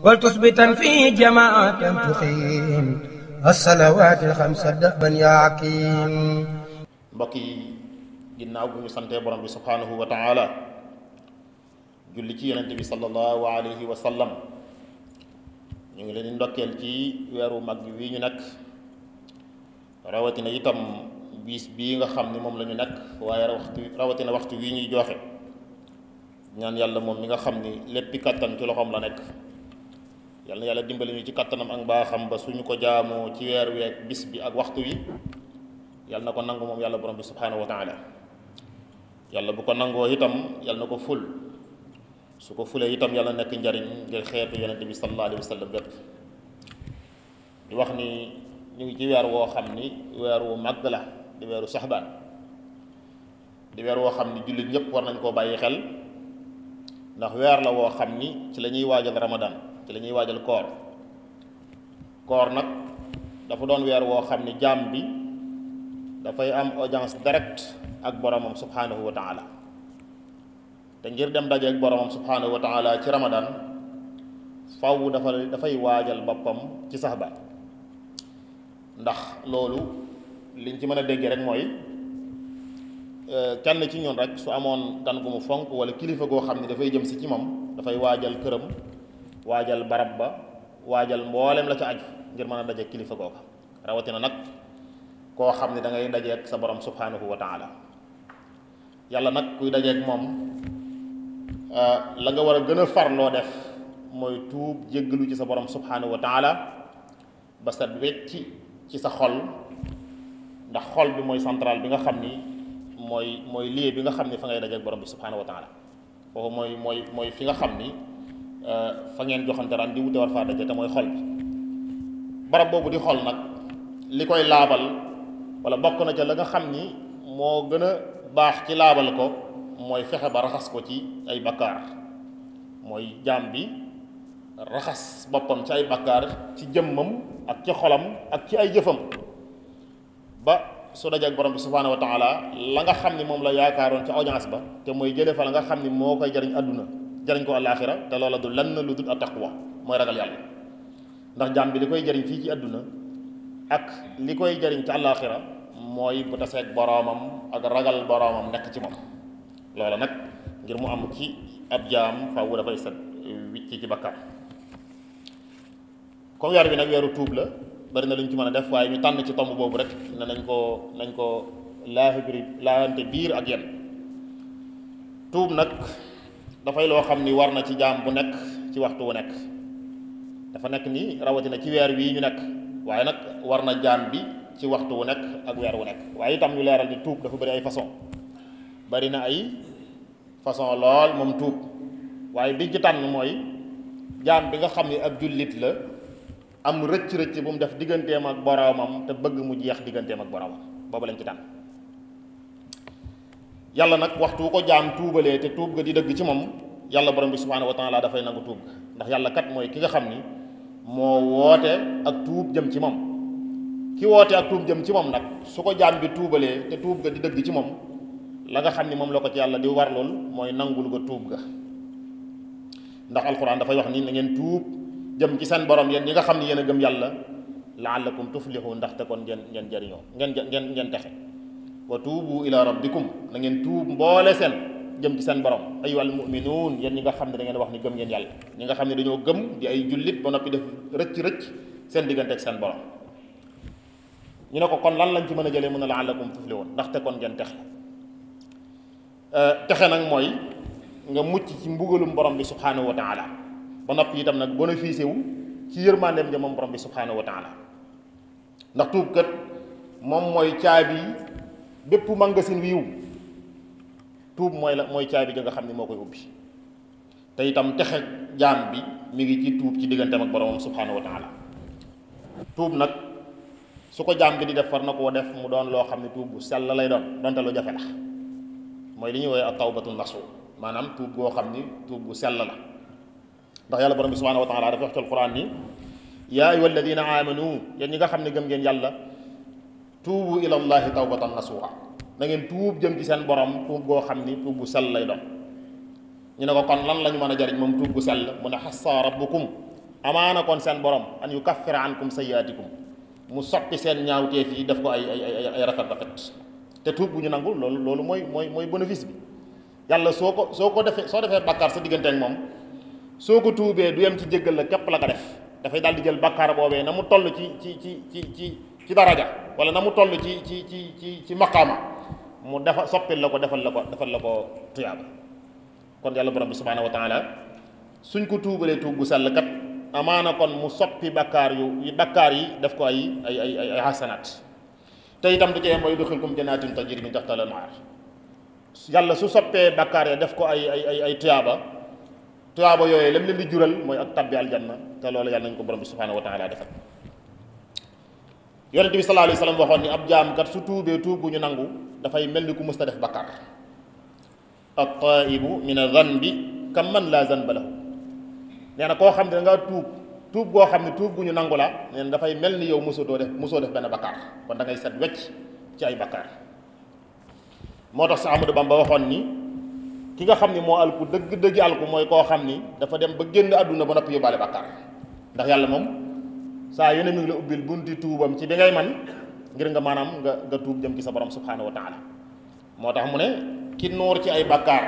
ولتثبتا فيه جماعة تقيم الصلوات الخمس دأبا يا عكيم بقي جناو بني سنتي برم سبحانه وتعالى julli ci yonente bi sallallahu alayhi wa sallam ñu ngi leen di ndokkeel ci weeru mag wi ñu nekk rawatina itam biis bii nga xam ni moom la ñu nekk waaye waxtu rawatina waxtu wi ñuy joxe ñaan yàlla moom mi nga xam ni léppi kàttan ci loxoom la nekk yalla yalla dimbali ñu ci katanam ak mbaaxam ba suñu ko jaamoo ci wër wi ak bis bi ak waxtu wi yalla nako ko mom yalla borom bi subhanahu wa taala yalla bu ko nangoo itam yalla nako ful su ko fulé itam yalla nek njariñ ngir xéetu yalla nabi sallallahu alaihi wasallam sallam di wax ni ñu ci wër wo xamni wër wu magla di weeru saxbaan di wër wo xamni julit jullit war nañ ko bayyi xel ndax wër la wo xamni ci lañuy ramadan ci ñuy waajal koor koor nag dafa doon weer woo xam ne jaam bi dafay am audience direct ak boromam subhanahu wa te ngir dem dajeeg boromam subhanahu wa taala ci ramadan faw dafa dafay waajal boppam ci sax ba ndax loolu liñ ci mën a déggee rek mooy euh, kenn ci ñun rek su amoon gan gu mu fonk wala kilifa goo xam ne dafay jëm si ci moom dafay waajal këram waajal barab ba waajal mboolem la ca aju ngir mën a daje kilifa googa rawatina nag koo xam ne dangay ngay dajeek sa borom subhanahu wa taala yàlla nag kuy dajeek moom euh, la nga war a gën a farloo def mooy tuub jéggalu ci sa borom subhanahu wa taala ba sa wecci ci sa xol ndax xol bi mooy centrale bi nga xam ni mooy mooy lieu bi nga xam ni fa ngay dajeek borom bi subhanahu wa taala foofu mooy mooy mooy fi nga xam ni Euh, fa ngeen joxante ran di wute war faa daje te mooy xol bi barab boobu di xol nag li koy laabal wala bokk na ca la nga xam ni moo gën a baax ci laabal ko mooy fexe ba raxas ko ci ay bakkaar mooy jaam bi raxas boppam ci ay bakkaar ci jëmmam ak ci xolam ak ci ay jëfam ba su dajeek borom bi subhaanahu la nga xam ni moom la yaakaaroon ci audience ba te mooy jële fa la nga xam ni moo koy jariñ àdduna jëriñ ko àllaaxira te loola du lan lu dul attaqwa mooy ragal yàlla ndax jaam bi li koy jëriñ fii ci àdduna ak li koy jëriñ ci àllaaxira mooy bu taseeg boroomam ak ragal boroomam nekk ci moom loola nag ngir mu am ci ab jaam faaw dafay set wicc ci bakkaar comme weer bi nag weeru tuub la bari na lu ñu ci mën a def waaye ñu tànn ci tomb boobu rek ne nañ ko nañ ko laaxibri laante biir ak yenn tuub nag dafay loo xam ni war na ci jaam bu nekk ci waxtu wu nekk dafa nekk ni rawatina ci weer wii ñu nekk waaye nag war na jaam bi ci waxtu wu nekk ak weer wu nekk waaye itam ñu leeral ni tuug dafa bari ay façon bari na ay façon lool moom tuub waaye bi tànn mooy jaam bi nga xam ni ak jullit la am rëcc rëcc bu mu def digganteem ak boroomam te bëgg mu jeex digganteem ak boroomam boobu lañ ci tànn Yalla nak waxtu ko jam tuubale te tuub ga di deug ci mom yalla borom bi subhanahu wa taala fay nangu tuub ndax yalla kat moy ki nga xamni mo wote ak tuub jëm ci mom ki wote ak tuub jëm ci mom nak suko jam bi tuubale te tuub ga di deug ci mom la nga xamni mom lako ci yalla di war lol moy nangul ga tuub ga ndax alquran fay wax ni na ngeen tuub jëm ci sen borom yeen ñi nga xamni yeena yéen yalla la'allakum tuflihu ndax te kon ngeen ngeen jariño ngeen ngeen ngeen taxé wa tuubu ila rabbikum na ngeen tuub mboole seen jëm ci seen borom ayyuhal mu'minuun yéen ñi nga xam ne da ngeen wax ni gëm ngeen yàlla ñi nga xam ne dañoo gëm di ay jullit ba noppi def rëcc-rëcc seen diggante ak seen borom ñu ne ko kon lan lañ ci mën a jëlee mun a la laallakum tuflihun ndaxte kon ngeen texe eh, texe nag mooy nga mucc ci mbugalum borom bi subhanahu wa taala ba noppi itam nag bénéficié wu ci yërmandeem ja moom borom bi subhanahu wa taala ndax tuub bépp magasin wiiw tuub mooy la mooy caabi ja nga xam ne moo koy ubbi te itam texe jaam bi mi ngi ci tuub ci digganteem ak boromam subhanahu wa taala tuub nag su ko jaam bi di def far na koo def mu doon loo xam ne tuub bu sell lay doon donte lu jafe la mooy li ñuy woowee ak tawbatu nasu maanaam tuub goo xam ni tuub bu sell la ndax yàlla borom bi subhanahu wa taala dafa wax ci alquran ni yaa ayuha alladina amanu yéen ñi nga xam ne gëm ngeen yàlla tuubu ilallahi tawbatan nasuha na ngeen tuub jëm ci seen borom tuub goo xam ni tuub bu sell lay doon ñu ne ko kon lan la ñu mën a jariñ moom tuub bu sell mu ne xassa rabbukum amaana kon seen borom an yu kaffira ankum sayaatikum mu soppi seen ñaawteef yi def ko ay ay ay rafet rafet te tuub bu ñu nangu loolu loolu mooy mooy mooy bénéfice bi yàlla soo ko soo ko defee soo defee bakkaar sa diggante ak moom soo ko tuubee du yem ci jéggal la képp la ko def dafay daal di jël bakkaar boobee na mu toll ci ci ci ci ci ci daraja wala na mu toll ci ci ci ci ci maqaama mu defa soppil la ko defal la ko defal la ko tuyaaba kon yàlla borom bi subhaanahu wa taala suñ ko tuubalee tuub bu sell kat amaana kon mu soppi bakkaar yu bakkaar yi def ko ay ay ay ay xasanaat te itam du ci yem mooy duxilkum janaatin tajri min taxtal anhaar yàlla su soppee bakkaar ya def ko ay ay ay ay tuyaaba tuyaaba yooyu lam leen di mooy ak tabbi aljanna te loolu yàlla nañ ko borom bi subhaanahu wa defal yaronte bi sallallahu alayhi wasallam sallam ni ab jam kat su tuube tuub ñu nangu da fay melni ku musta def bakkaar at-taibu min adh-dhanbi kam man la zanba lahu nee na koo xam tuub tuub go xamne tuub gu ñu nangu la neen da fay melni yow mosoo do def mosoo def ben bakkaar kon da ngay set wecc ci ay bakkaar motax sa Amadou Bamba waxoon ni ki nga xam mo alku deug deug alku moy ko xam dafa dem ba genn aduna ba noppi yóbbaale bakkaar ndax yalla mom sa yu mi ngi la ubbil bunti tuubam ci bi ngay man ngir nga manam nga nga tuub jëm ci sa borom subhanahu wa taala motax mu ne ki noor ci ay bakkaar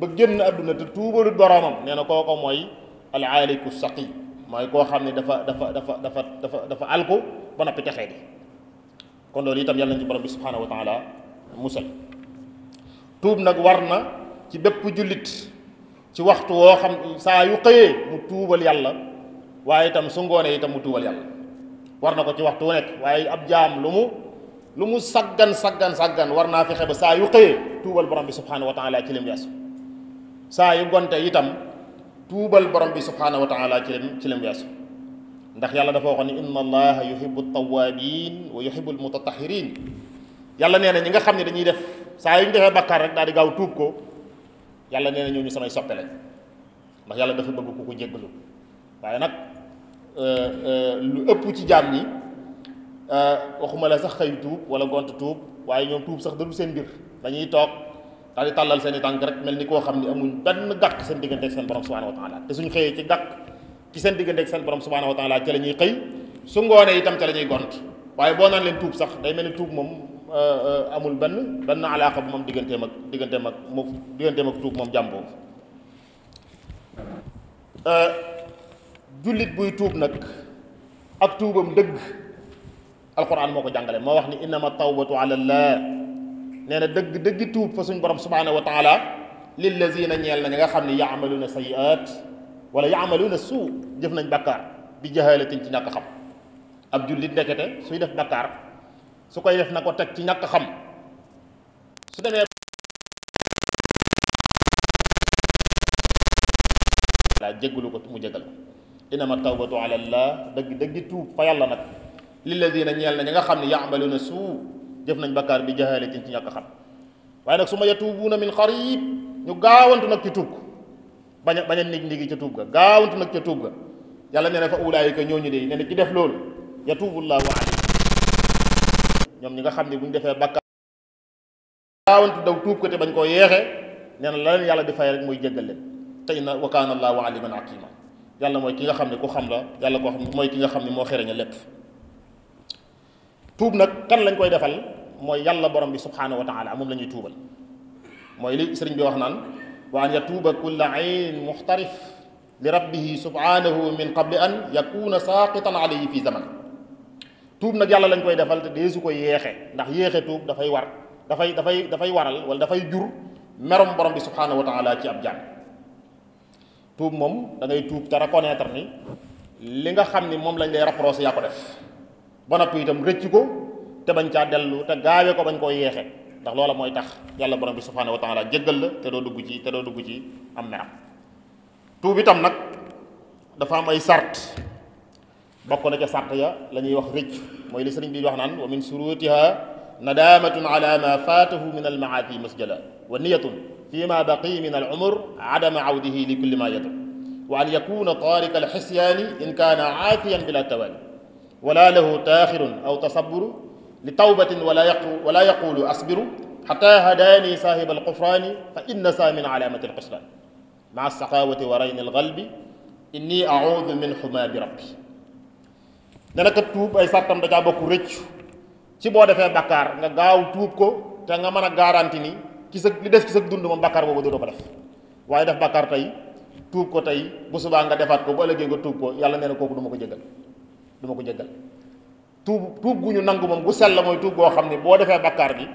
ba genn aduna te tuubalu boromam neena koko moy al aliku saqi moy ko xamni dafa dafa dafa dafa dafa dafa alko ba nopi taxé di kon loolu itam yàlla Tub borom subhanahu wa taala musal tuub nak warna ci bepp julit ci waxtu wo xam sa yu xeye mu tuubal yalla waaye itam su ngoonee itam mu tuubal yàlla war na ko ci waxtu wu waaye ab jaam lu mu lu mu saggan saggan saggan war naa fexe ba saa yu xëyee tuubal borom bi subhanahu wa taala ci lim saa yu gonte itam tuubal borom bi subhanahu wa taala ci lim ndax yàlla dafa waxoon ne inna allaha yuhibbu tawabin yàlla nee na ñi nga xam ne dañuy def saa yu ñu defee bakkaar rek daal di gaaw tuub ko yàlla nee na ñooñu samay soppe lañ ndax yàlla dafa bëgg ku ko jéggalu waaye nag Euh, euh, lu ëpp ci jaam ñi euh, waxuma la sax xëy tuub wala gont tuub waaye ñoom tuub sax dadul seen mbir dañuy toog daal tàllal seen i tànk rek mel ni koo xam ne amuñ benn gàkk seen diggante ak seen borom subhanahu wa taala te suñ xëyee ci gàkk ci seen diggante ak seen borom subhanahu wa taala ca la ñuy xëy su ngoonee itam ca la ñuy gont waaye boo naan leen tuub sax day mel ni tuub moom amul benn benn alaaqa moom digganteem ak digganteem ak moom digganteem ak tuub moom jàmm boobu jullit buy tuub nag ak tuubam dëgg alquran moo ko jàngale moo wax ni innama tawbatu ala llah nee na dëgg dëggi tuub fa suñ borom subhanahu wa taala lillazina ñeel na ñi nga xam ne yaamaluuna sayiat wala yaamaluuna suu jëf nañ bàkkaar bi jahalatin ci ñàkk xam ab jullit ndekete suy def bàkkaar su koy def na ko teg ci ñàkk xam su demee laa jéggalu ko mu jégal ko innama tawbatu ala llah dëgg dëgg tuub fa yàlla nag li lilladina ñeel na ñi nga xam ne na suu jëf nañ bakkaar bi jahalatin ci ñàkk xam waaye nag su ma yatuubuuna min xarib ñu gaawantu nag ci tuub bañ bañ a ndig ca tuub ga gaawantu nag ca tuub ga yàlla nee na fa ulaayika ñooñu de nee na ci def lool yatuubu llahu alayhi ñoom ñi nga xam ne bu ñu defee bakkaar gaawantu daw tuub ko bañ koo yeexe nee la yàlla di rek muy jéggal leen te inna wa kaana allahu aliman hakima yàlla mooy ki nga xam ne ku xam la yàlla koo xam mooy ki nga xam ne moo xereña lépp tuub nag kan lañ koy defal mooy yàlla borom bi subhanahu wa taala moom la ñuy tuubal mooy li sëriñ bi wax naan wa an yatuuba kulla ayn muxtarif li rabbihi subhanahu min qabli an yakuna saaqitan alayhi fi zaman tuub nag yàlla lañ koy defal te deesu ko yéexe ndax yéexe tuub dafay war dafay dafay dafay waral wala dafay jur merom borom bi subhanahu wa taala ci ab jàng tuub moom da ngay tuub te reconnaître ni li nga xam ni moom lañ lay rapproché yaa ko def ba noppi itam rëcc ko te bañ ca dellu te gaawee ko bañ koo yeexe ndax loola mooy tax yàlla borom bi subhanahu wa taala jéggal la te doo dugg ci te doo dugg ci am meram tuub itam nag dafa am ay sart bokk na ca sart ya la ñuy wax rëcc mooy li sëriñ bi wax naan wa min surutiha nadamatun ala ma faatahu min almaati masjala wa niyatun فيما بقي من العمر عدم عوده لكل ما يدعو وأن يكون طارق الحسيان إن كان عافيا بلا توالي ولا له تاخر أو تصبر لتوبة ولا يقول, ولا يقول أصبر حتى هداني صاحب القفران فإن من علامة القسران مع السخاوة ورين الغلب إني أعوذ من حما بربي dana ka أي ay sartam da caa bokk بكار ci boo defee bakkaar ki sa li def ki sa dund mom bakkar bobu do ko def waye def bakkar tay tuub ko tay bu suba nga defat ko bo ëllëgee nga tuub ko yalla neena koku kooku ko jegal du ko jegal tuub tuub guñu ñu mom gu sell tuub go xamni bo defé bakkar gi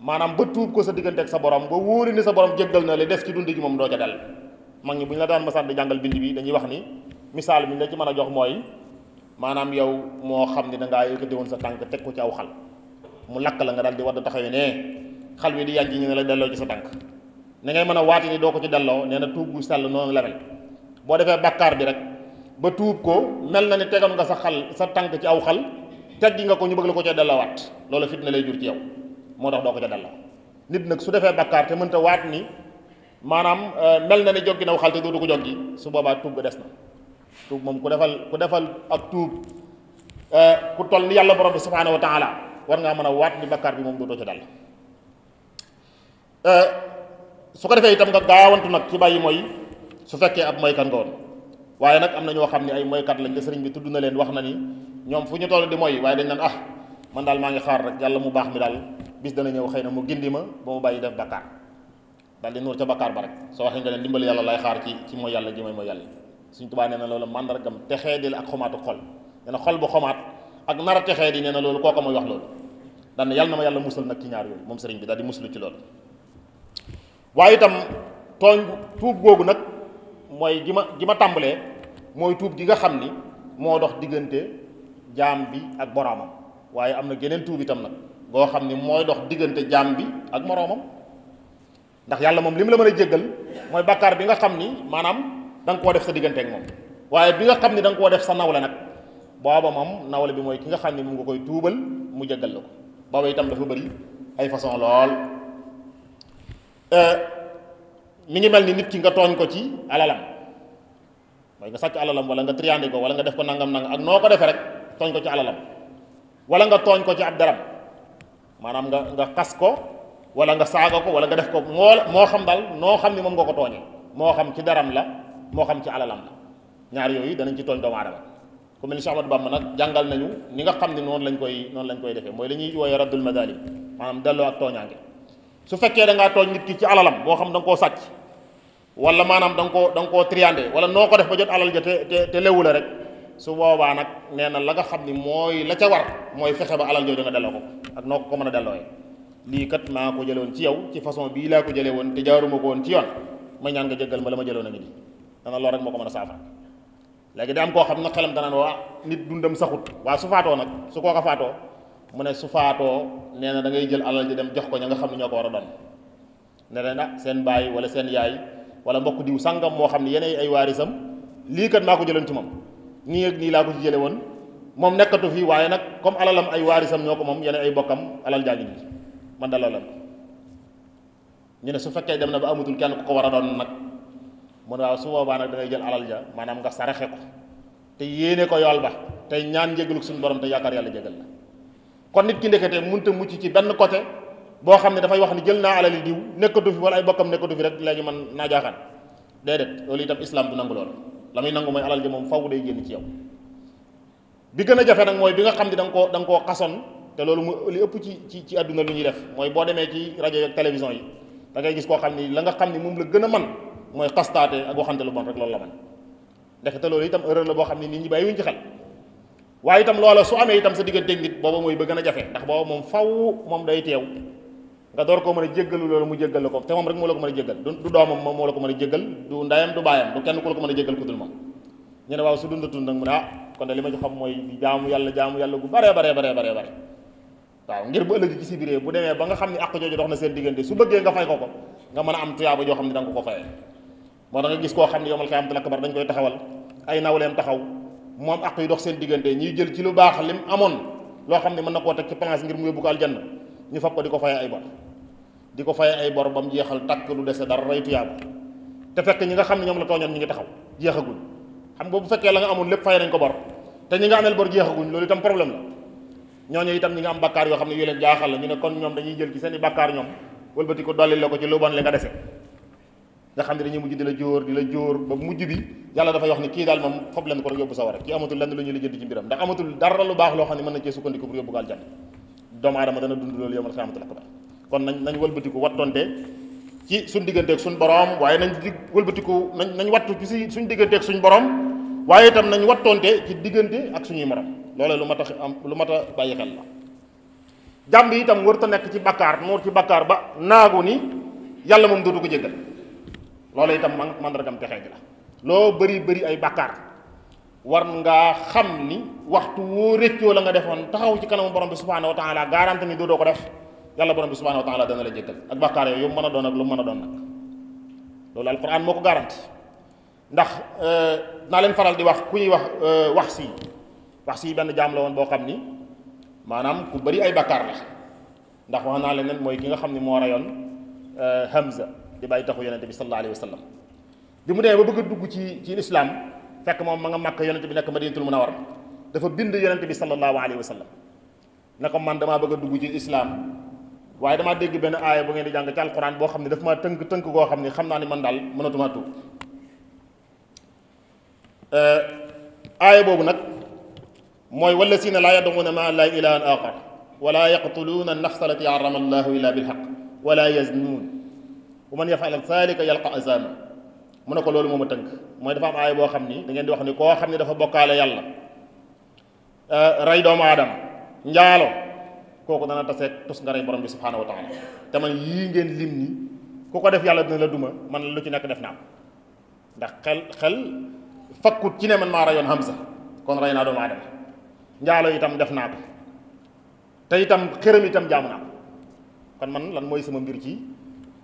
manam ba tuub ko sa digënté ak sa borom bo wori ni sa borom jegal na li def ci dund gi mom do ja dal mag ni buñ la daan ma di jangal bind bi dañuy wax ni misal mi la ci mëna jox moy manam yow mo xamni da nga yëkëti won sa tank tek ko ci aw xal mu lak la nga dal di wad taxawé né xal wi di yàgg ñu ne la delloo ci sa tànk ni ngay mën a waati ni doo ko ci delloo nee na tuub bu sell noonu la mel boo defee bàkkaar bi rek ba tuub ko mel na ni tegoon nga sa xal sa tànk ci aw xal teggi nga ko ñu bëgg la ko ca delloowaat loolu fitna lay jur ci yow moo tax doo ko ca delloo nit nag su defee bàkkaar te mënta waat ni maanaam euh, mel na ni joggi naw xal te dootu ko joggi su boobaa tuub ba des na tuub moom ku defal ku defal ak tuub euh, ku toll ni yàlla borom bi subhaanahu wa taala war ngaa mën a waat ni bàkkaar bi moom dootoo ca dal Eh, su ko defee itam nga gaawantu nag ci bàyyi mooy su fekkee ab moykat nga woon waaye nag am na ñoo xam ne ay moykat lañ te sëriñ bi tudd na leen wax na ni ñoom fu ñu toll di mooy waaye dañ naan ah man maa ngi xaar rek yàlla mu baax mi daal bis dana ñëw xëy na mu gindi ma ba mu bàyyi def bakkaar daal di nuur ca rek soo waxee nga leen yàlla lay xaar ci ci mooy yàlla ji mooy mooy yàlla suñ tubaa nee na loolu màndargam texee di la ak xomaatu xol nee na xol bu xomaat ak nar a texee di nee na loolu kooka mooy wax loolu daan na yàlla na ma yàlla musal nag ci ñaar yooyu moom sëriñ bi daal di muslu ci loolu waaye itam tooñ tuub googu nag mooy gi ma gi ma tàmbalee mooy tuub gi nga xam ni moo dox diggante jaam bi ak boroomam waaye am na geneen tuub itam nag goo xam ni mooy dox diggante jaam bi ak moroomam ndax yàlla moom li mu la mën a jéggal mooy bàkkaar bi nga xam ni maanaam da koo def sa diggante moom waaye bi nga xam ni danga koo def sa nawle nag booba moom nawle bi mooy ki nga xam ni mu nga koy tuubal mu jéggal la ko booba itam dafa bari ay façon lool Euh, mi ngi mel ni nit ki nga tooñ ko ci alalam mooy nga sàcc alalam wala nga triandé ko wala nga def ko nangam nangam ak noo ko defee rek tooñ ko ci alalam wala nga tooñ ko ci ab daram maanaam nga nga xas ko wala nga saaga ko wala nga def ko moo moo xam daal noo xam ni moom nga ko tooñee moo xam ci daram la moo xam ci alalam la ñaar yooyu danañ ci tooñ doomu aadama ku mel ni Cheikh Ahmadou Bamba nag jàngal nañu ni nga xam ni noonu lañ koy noon lañ koy defee mooy la ñuy wooyee raddul madalim maanaam delloo ak tooñaange su fekkee da ngaa tooñ nit ki ci alalam boo xam da nga koo sàcc wala maanaam da nga koo da nga koo triandé wala noo ko def ba jot alal ja te te te rek su boobaa nag nee na la nga xam ni mooy la ca war mooy fexe ba alal jooju nga delloo ko ak noo ko mën a lii kat maa ko jëlee ci yow ci façon bii laa ko jëlee te jaaruma ko woon ci yoon ma ñaan nga ma la ma jëloon a dana lool rek moo ko mën a saafara léegi da am koo xam na xelam danaan waa nit dundam saxut waa su faatoo nag su koo ko faatoo mu ne su faatoo nee da ngay jël alal ji dem jox ko ña nga xam ne ñoo ko war a doon ne leen ah seen baay wala seen yaay wala mbokk diw sàngam moo xam ne yeneen ay waarisam lii kat maa ko moom ak nii laa ko ci jële woon nekkatu fi waaye nag comme alalam ay waarisam ñoo ko moom ay bokkam alal jaa ngi nii man da loolu ñu ne su fekkee dem na ba amatul kenn ku ko war a doon nag mu ne su boobaa nag da ngay jël alal ja maanaam nga saraxe ko te yéene ko yool ba te ñaan jégalu suñu borom te yaakaar yàlla jégal la kon nit ki ndekete munta mucc ci benn côté bo xam da fay wax ni jël naa alali diw nekatu fi wala ay bokkam nekatu fi rek legi man naa jaaxaan déedéet loolu tam islam du nangul lol lamuy muy nangu mooy alal ji mom faw day genn ci yow bi gëna jafé nak moy bi nga xamni dang ko dang ko da te loolu mu li ëpp ci ci ci aduna lu ñuy def moy bo démé ci radio ak télévision yi da ngay gis ko xamni la nga xamni mom la gëna man moy xastaté ak waxante lu bon rek loolu la man ndekete loolu itam erreur la bo xamni nit ñi bayiwuñ ci xel waaye itam loola su amee itam sa digganteeg nit booba mooy ba gën a jafe ndax booba moom faw moom day teew nga door koo mën a jéggalu loolu mu jéggal la ko te moom rek moo la ko mën a jéggal du doomam moom moo ko a jéggal a jéggal ku dul moom ñu ne waaw su dundatul nag mu ne ah kon de li ma ci xam mooy di jaamu yàlla yàlla gu bare bare bare bare bare ngir bu ëllëg si biir bu demee ba nga xam ne àq jooju dox na seen diggante su bëggee nga fay ko ko nga mën a am tuyaaba xam ne da ko ko fayee moo tax nga gis koo ne yomal xiyam lakk bar dañ koy taxawal ay nawleem taxaw mom ak yi dox sen diggante ñi jël ci lu baax lim amon lo xamni mëna ko tek ci pangas ngir mu yobbu ko aljanna ñu fa ko di ko ay bor diko ko ay bor bam mu jeexal takk lu déssé dara rey tuyaaba té fekk ñi nga xamni ñom la toñon ñi ngi taxaw jeexaguñ xam bo bu fekkee la nga amon lepp fay nañ ko bor té ñi nga amel bor jeexaguñ lolu tam problème la ñoñu itam ñi nga am bakkar yo xamni yu leen jaaxal la ñu ne kon ñom dañuy jël ci seen bakkar ñom ñoom ko dolli lako ci lu bon li nga déssé nga xam ne dañuy mujj dina jor jóor jor ba mujj bi yalla dafa wax ni ki dal mom fop leen ko rek yóbbu sawara ki amatul lenn luñu ñuy ci mbiram ndax amatul dara lu bax lo xamni man na ci sukkandiku pour yóbbu ko aljanna doomu aadama dana dund loolu yomal xiyaamatul akbar kon nañ nañ wëlbatiku wattonte ci suñ digganteeg suñ borom waye nañ di nañ wattu ci si suñ borom waye tam nañ wattonte ci diggante ak suñu maram loolee lu mata am lu mata bayyi xel la jambi tam nek ci ci ba naagu ni yàlla moom dootu ko loola itam mandargam texee gi la lo bari bari ay bakar war nga xam ni waxtu wo reccio la nga defon taxaw ci kanam borom bi subhanahu wa taala garanti ni do ko def yalla borom bi subhanahu wa taala dana la jéggal ak yo yooyu mën don ak lu mën don nak nag alquran moko garantie garanti euh na len faral di wax kuy wax euh wax si wax si ben jam la won bo xam ni manam ku bari ay bakar la ndax wax na len moy ki nga xam ni rayon euh Hamza di bay taxu yonent bi sallallahu alayhi wasallam bi mu demee ba bëgg a dugg ci ci lislaam fekk moom ma nga màkk yonent bi nekk madinatul munawar dafa bind yonent bi sallallahu alayhi wasallam sallam ne ko man dama bëgg a dugg ci lislaam waaye dama dégg benn aaya bu ngeen di jàng ci alquran boo xam ne dafa maa tënk tënk koo xam ne xam naa ne man daal mënatumaa tuub aaya boobu nag mooy wala sina laa yad'uuna maa laa ilahan aaxar wala yaqtuluuna annafsa allati harrama allahu illa bilhaq wala yaznuun ومن يفعل ذلك يلقى عذابا من يقول لهم متنك ما دفع معي بو خمني دعين دو خمني كوا خمني دفع بقالة يلا راي دوم آدم نجالو كوا كنا نتسك تسمع راي برام سبحانه وتعالى تمان يين لمني كوا كده في الله دنيا دوما من اللي كنا كده فينا دخل خل فكوت كنا من ما رايون همزة كون راي نادوم آدم نجالو يتم دفنا تيتم كرم يتم جامنا كان من لن موي سمبيرجي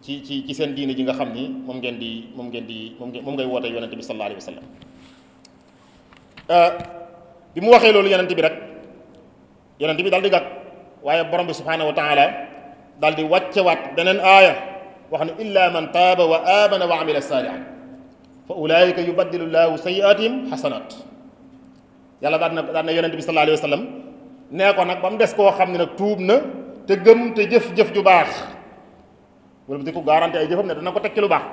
ci ci ci seen diine ji nga xam ni moom ngeen di moom ngeen di moom ngay woote yonente bi sallallahu alayhi wa sallam euh, bi mu waxee loolu yonente bi rek yonente bi daal di gàtt waaye borom bi subhanahu wa taala daal di wàccewaat beneen aaya wax ne illa man taaba wa amana wa amila saalihan fa ulaayika yubaddilu llaahu sayiatihim xasanat yàlla daan na daan na yonente bi sallallahu alayhi wa sallam nee ko nag ba mu des koo xam ne nag tuub na te gëm te jëf-jëf ju baax wala bu garanti ay jëfam ne dana ko teg ci lu bax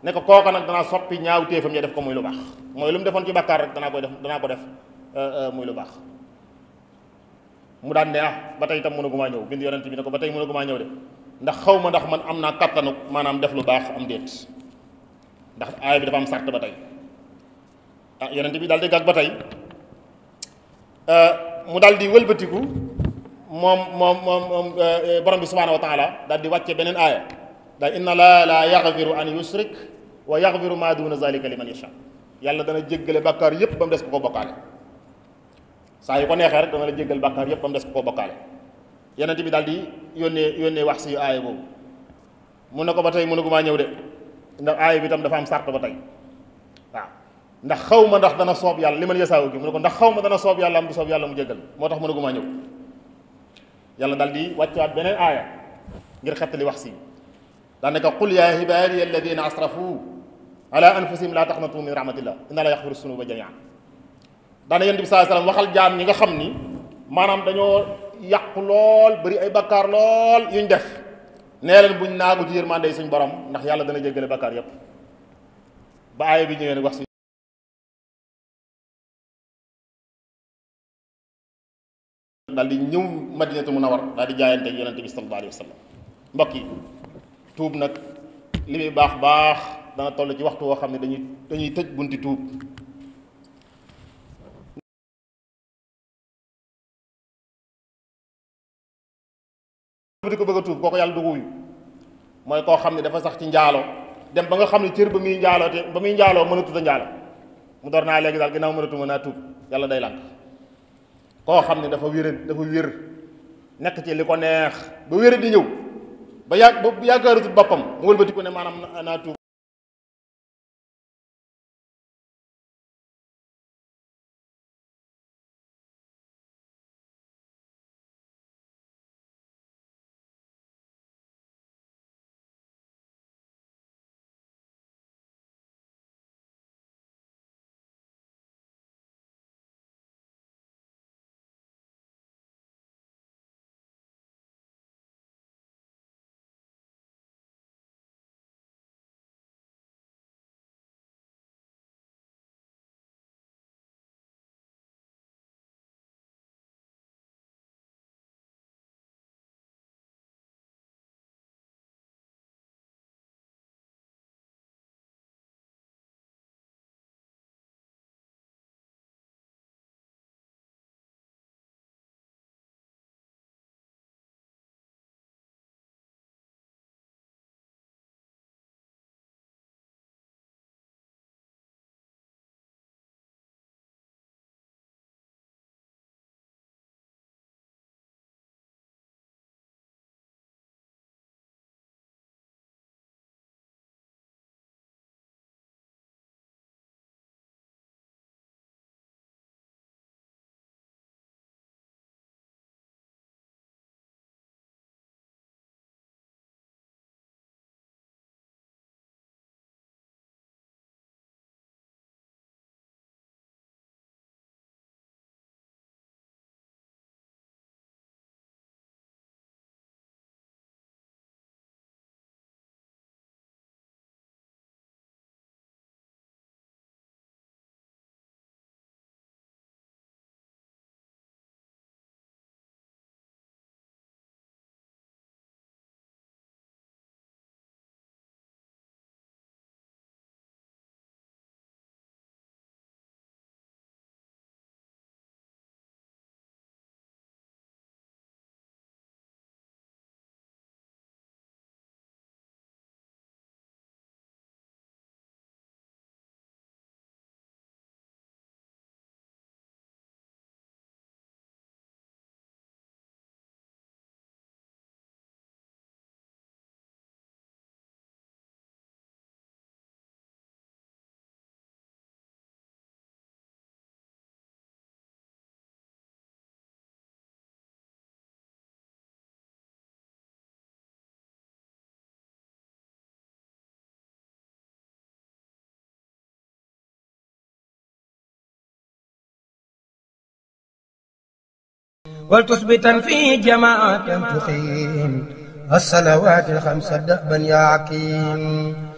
ne ko koko nak dana soppi ñaaw téefam ya def ko muy lu bax moy lu mu defoon ci bakkar rek dana ko def dana ko def euh, euh, muy lu bax mu daan ne ah batay tam itam mënagumaa ñëw bind yonent bi ne ko batay tey mënagumaa ñëw de ndax xawma ndax man am naa manam def lu bax am déet ndax ay bi dafa am sart batay, ah yonent bi daldi gag batay euh mu daldi di mom mom mom borom bi subhanahu wa taala daldi wacce benen aya ndax inna laa laa yaxfiru an yusrik wa yaxfiru maa duuna zalika liman yasha yàlla dana jéggale bàkkaar yépp ba mu des ko ko bokkaale saa yu ko neexee rek dana la jéggal bàkkaar yépp ba mu des ko ko bokkaale yenente bi daal di yónnee yónnee wax si aaya boobu mun na ko ba tey mënu ko maa ñëw de ndax aaya bi tam dafa am sart ba tey waaw ndax xaw ma ndax dana soob yàlla li man yasaawu gi mu ne ko ndax xaw ma dana soob yàlla am du soob yàlla mu jéggal moo tax mënu ko maa ñëw yàlla daal di wàccewaat beneen aaya ngir xettali wax si daanaka qul yaa ibaadiya alladina asrafu ala anfusihim laa taqnatu min rahmatillah inna la yaxfiru sunuba jamian daana yonent bi saa sallam waxal jaam ñi nga xam ni maanaam dañoo yàqu lool bëri ay bakkaar lool yuñ def nee leen buñ naagu ci yërmande suñ borom ndax yàlla dana jéggale bakkaar yépp ba aaya bi ñëwee wax si daal di ñëw madinatu munawar daal di jaayante ak yonent bi sallallahu alayhi wa sallam mbokk yi tuub nag li muy baax baax dana toll ci waxtu woo xam ne dañuy dañuy tëj bunti tuub di ko bëgg yàlla du mooy koo xam ne dafa sax ci njaalo dem ba nga xam ne cër ba muy njaaloo te ba muy njaaloo mënatu a njaalo mu door naa léegi daal ginnaaw mënatu mën naa tuub yàlla day lànk koo xam ne dafa wér dafa wér nekk ci li ko neex ba wér di ñëw ba yàgg ba yaakaaratul boppam mu wëlbati ko ne maanaam naa tuub ولتثبتا في جماعة تخين الصلوات الخمس دأبا يا عكيم